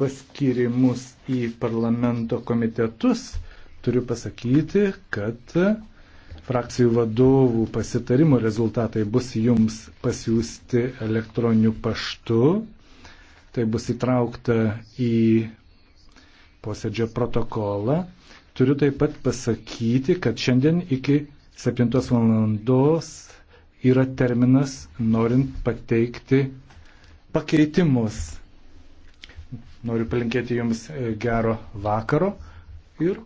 paskirimus į parlamento komitetus, turiu pasakyti, kad frakcijų vadovų pasitarimo rezultatai bus jums pasiūsti elektroniniu paštu. Tai bus įtraukta į posėdžio protokolą. Turiu taip pat pasakyti, kad šiandien iki 7 valandos yra terminas norint pateikti pakeitimus Noriu palinkėti Jums e, gero vakaro ir